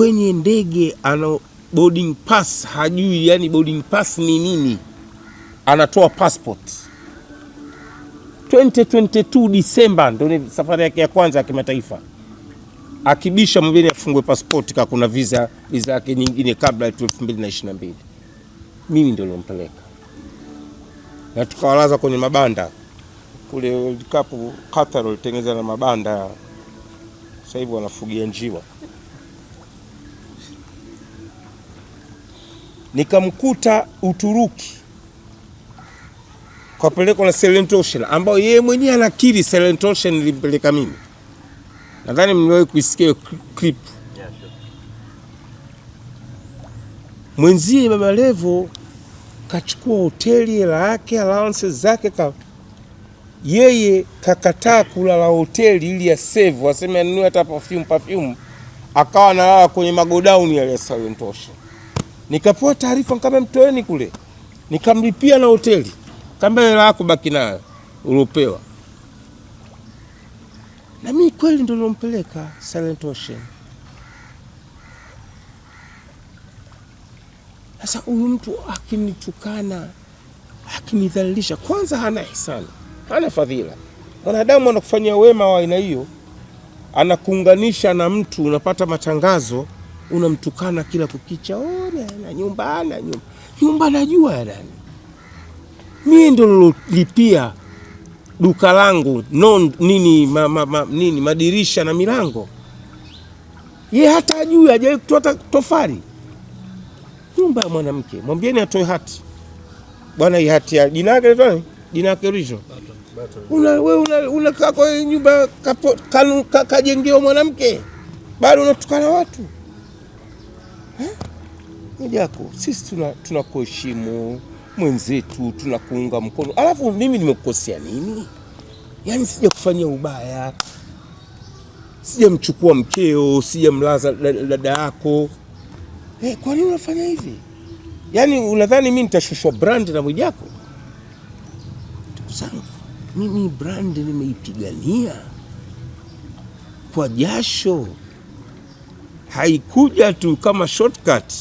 kwenye ndege ana boarding pass, hajui yani boarding pass ni nini, anatoa passport. 2022 Disemba ndio ni safari yake ya kwanza ya kimataifa, akibisha mwingine afungue passport ka kuna visa visa yake nyingine kabla ya 2022. Mimi ndio nilompeleka na tukawalaza kwenye mabanda kule World Cup Qatar walitengeneza na mabanda, sasa hivi wanafugia njiwa. nikamkuta Uturuki kapelekwa na Selentoshen, ambayo yeye mwenyewe anakiri Selentoshen nilimpeleka mimi. Nadhani mmewahi kuisikia hiyo clip. Mwenzie Baba Levo kachukua hoteli hela yake allowances zake ka yeye kakataa kulala hoteli ili ya aseme anunue hata perfume perfume, akawa analala kwenye magodown yale ya Selentoshen. Nikapewa taarifa kama mtoeni kule, nikamlipia na hoteli kamba hela yako baki nayo uliopewa. Na mimi kweli ndo nilompeleka Silent Ocean. Sasa huyu mtu akinitukana, akinidhalilisha, kwanza hana hisani, hana fadhila. Mwanadamu anakufanyia wema wa aina hiyo, anakuunganisha na mtu, unapata matangazo unamtukana kila kukicha, oh, na nyumba na nyumba nyumba, najua ya nani. Mimi ndo nilolipia duka langu non nini, ma, ma, ma, nini madirisha na milango, ye hata ajui, hajawahi kutoa tofali. Nyumba ya mwanamke, mwambieni atoe hati bwana, hii hati ya jina yake ndio jina yake rizo una wewe una, unakaa kwa nyumba kajengewa mwanamke bado unatukana watu. Mwijaku, sisi tunakuheshimu tuna mwenzetu, tunakuunga mkono, alafu mimi nimekukosea nini? Yaani sijakufanyia ubaya, sijamchukua mkeo, sijamlaza dada yako eh, kwa nini unafanya hivi? Yaani unadhani mimi nitashushwa brand na Mwijaku? Ndugu zangu, mimi brand nimeipigania kwa jasho haikuja tu kama shortcut,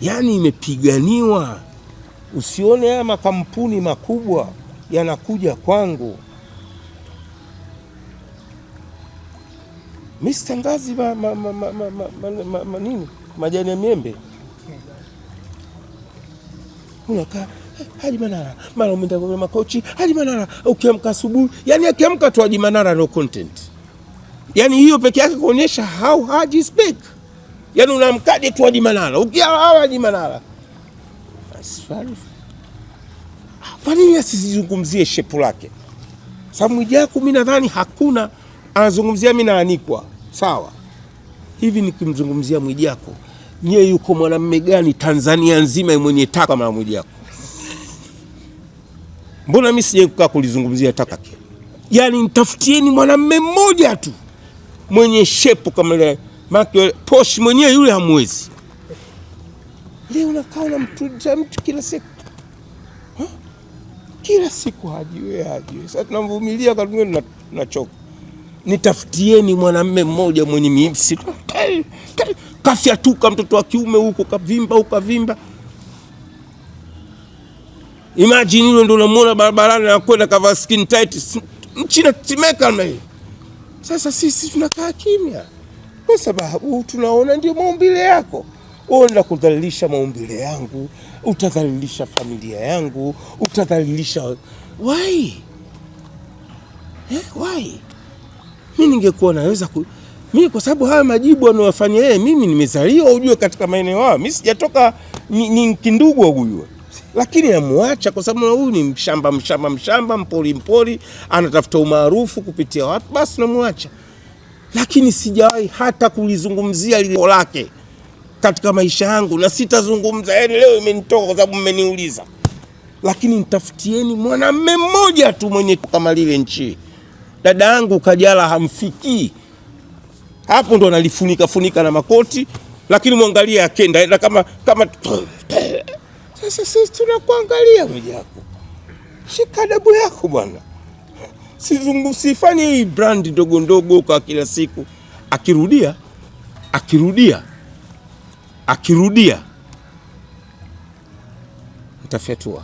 yaani imepiganiwa. Usione haya makampuni makubwa yanakuja kwangu. Mi sitangazi ma, ma, ma, ma, ma, ma, ma, ma, nini majani ya miembe unakaa Haji Manara mara umeenda kwa makochi Haji Manara ukiamka asubuhi, yani akiamka tu Haji Manara no content yani hiyo peke yake kuonyesha how hard you speak. Yani unamkaje tu Haji Manara, ukiwa Haji Manara kwa nini asizungumzie shepu lake? Sababu Mwijaku mimi nadhani hakuna anazungumzia, mimi naanikwa sawa hivi, nikimzungumzia Mwijaku nyie, yuko mwanamume gani Tanzania nzima mwenye taka kama Mwijaku? Mbona mimi sijakaa kulizungumzia taka? Yani nitafutieni mwanamume mmoja tu mwenye shepu kama ile make posh mwenyewe yule hamwezi. Leo unakaa na mtu mtu kila siku ha? kila siku hajiwe hajiwe. Sasa tunamvumilia kwa karibuni, tunachoka. Nitafutieni mwanamume mmoja mwenye mimsi tu kama mtoto wa kiume huko kavimba, huko kavimba. Imagine, hilo ndio unamwona barabarani, anakwenda kavaa skin tight, nchi inatetemeka na hiyo sasa sisi tunakaa kimya kwa sababu tunaona ndio maumbile yako. Uenda kudhalilisha maumbile yangu, utadhalilisha familia yangu, utadhalilisha why? eh, why? mi ningekuwa naweza ku... mi kwa sababu haya majibu anayofanya yeye, mimi nimezaliwa ujue katika maeneo hayo, mi sijatoka ni, ni kindugwa lakini namwacha kwa sababu huyu ni mshamba mshamba mshamba mpoli mpoli, anatafuta umaarufu kupitia watu, basi namwacha. Lakini sijawahi hata kulizungumzia lile lake katika maisha yangu na sitazungumza. Yani leo imenitoka kwa sababu mmeniuliza, lakini nitafutieni mwanamme mmoja tu mwenye kama lile nchi. Dada yangu Kajala hamfikii hapo, ndo analifunika funika na makoti, lakini mwangalie akenda kama kama sasa sisi tunakuangalia Mwijaku, shika adabu yako bwana. Sifanye hii brand ndogo ndogo kwa kila siku, akirudia akirudia akirudia ntafyatua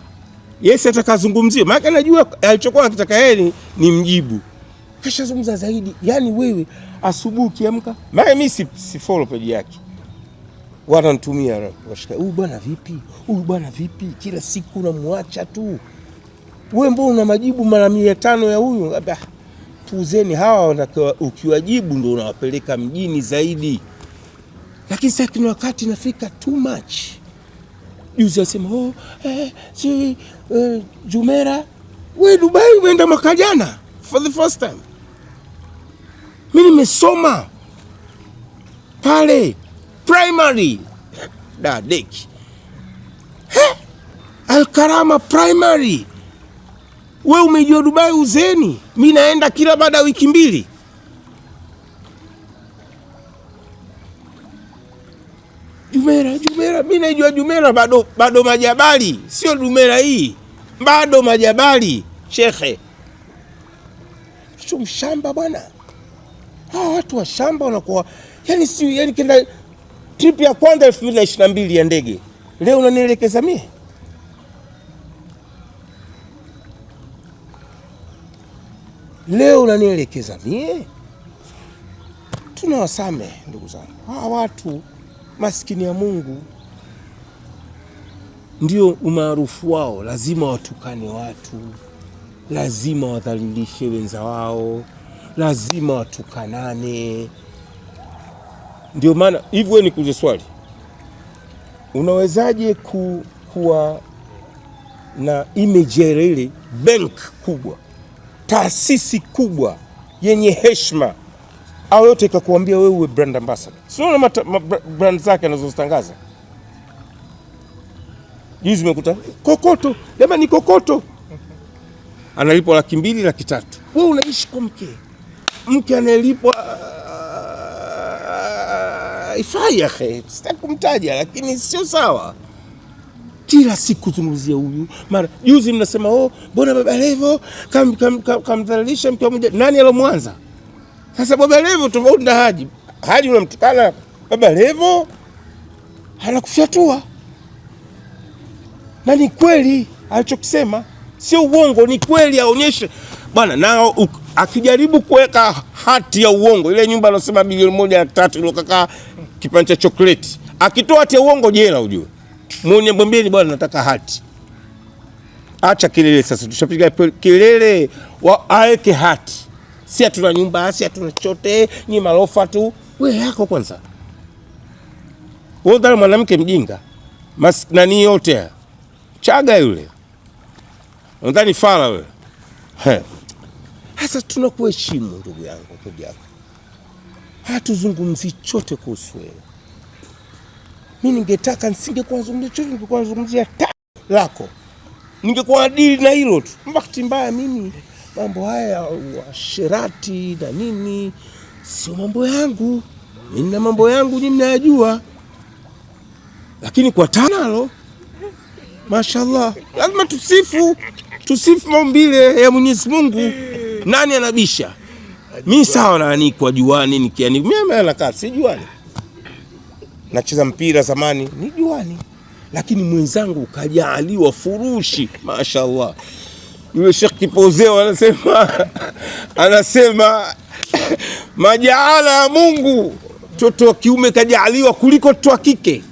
yesi atakazungumzia, maana najua alichokuwa akitaka yeye ni mjibu, kisha zungumza zaidi. Yani wewe asubuhi ukiamka, maana mimi si follow page yake wanantumia washika, huyu bwana vipi, huyu bwana vipi, kila siku unamwacha tu wewe, mbona una majibu mara mia tano ya huyu? puzeni hawa, ukiwajibu ndio unawapeleka mjini zaidi. Lakini sasa kuna wakati nafika too much. Juzi asema oh, eh, si eh, Jumera we Dubai umeenda mwaka jana for the first time. Mimi nimesoma pale primary da deki Alkarama primary. We umejua Dubai uzeni, mi naenda kila baada ya wiki mbili. Jumera, Jumera, mi naijua Jumera bado, bado majabali, sio Jumera hii, bado majabali shekhe. Sio bwana, hawa watu wa shamba wanakuwa yani, si yani kenda Trip ya kwanza mbili ya ndege, leo unanielekeza mie? Leo unanielekeza mie? Tunawasame ndugu zangu, hawa watu maskini ya Mungu ndio umaarufu wao, lazima watukane watu, lazima wadhalilishe wenza wao, lazima watukanane. Ndio maana hivi, wewe nikuulize swali, unawezaje ku, kuwa na image ya ile bank kubwa, taasisi kubwa yenye heshima au yote ikakuambia wewe uwe brand ambassador? Siona brand zake anazozitangaza juzi, umekuta kokoto, jamani, kokoto analipwa laki mbili laki tatu, wewe unaishi kwa mke mke anayelipwa haifai yahe, sitaki kumtaja, lakini sio sawa kila siku zungumzia huyu. Mara juzi mnasema oh, mbona Baba Levo kamdhalilisha mke mmoja. Nani alomwanza? Sasa Baba Levo tofauti na Haji. Haji unamtukana Baba Levo anakufyatua, na ni kweli alichokisema, sio uongo, ni kweli. Aonyeshe bwana nao akijaribu kuweka hati ya uongo ile nyumba anasema bilioni moja na tatu iliokakaa kipande cha chokoleti, akitoa hati ya uongo jela. Ujue mwenye mbembeni, bwana, nataka hati. Acha kelele sasa, tushapiga kelele, aweke hati. Si hatuna nyumba, si hatuna chote, ni marofa tu. We yako kwanza, wewe mwanamke mjinga mas nani yote Chaga yule nadhani fala yule Hasa tunakuheshimu ndugu yangu, ndugu yangu, hatuzungumzi chote kuhusu wewe. Mi ningetaka nisingekuwa chote, ningekuwa ta lako, ningekuwa adili na hilo tu. Bahati mbaya mimi mambo haya ya na nini sio mambo yangu. na mambo yangu ni mnayajua, lakini kwa tanalo, mashallah, lazima tusifu tusifu maumbile ya Mwenyezi Mungu. Nani anabisha? Mimi sawa naanikwa juani nikianikwa. Mimi nakaa si juani. Nacheza mpira zamani ni juani. Lakini mwenzangu kajaliwa furushi, mashaallah. Yule Sheikh Kipozeo anasema anasema majaala ya Mungu mtoto wa kiume kajaliwa kuliko mtoto wa kike.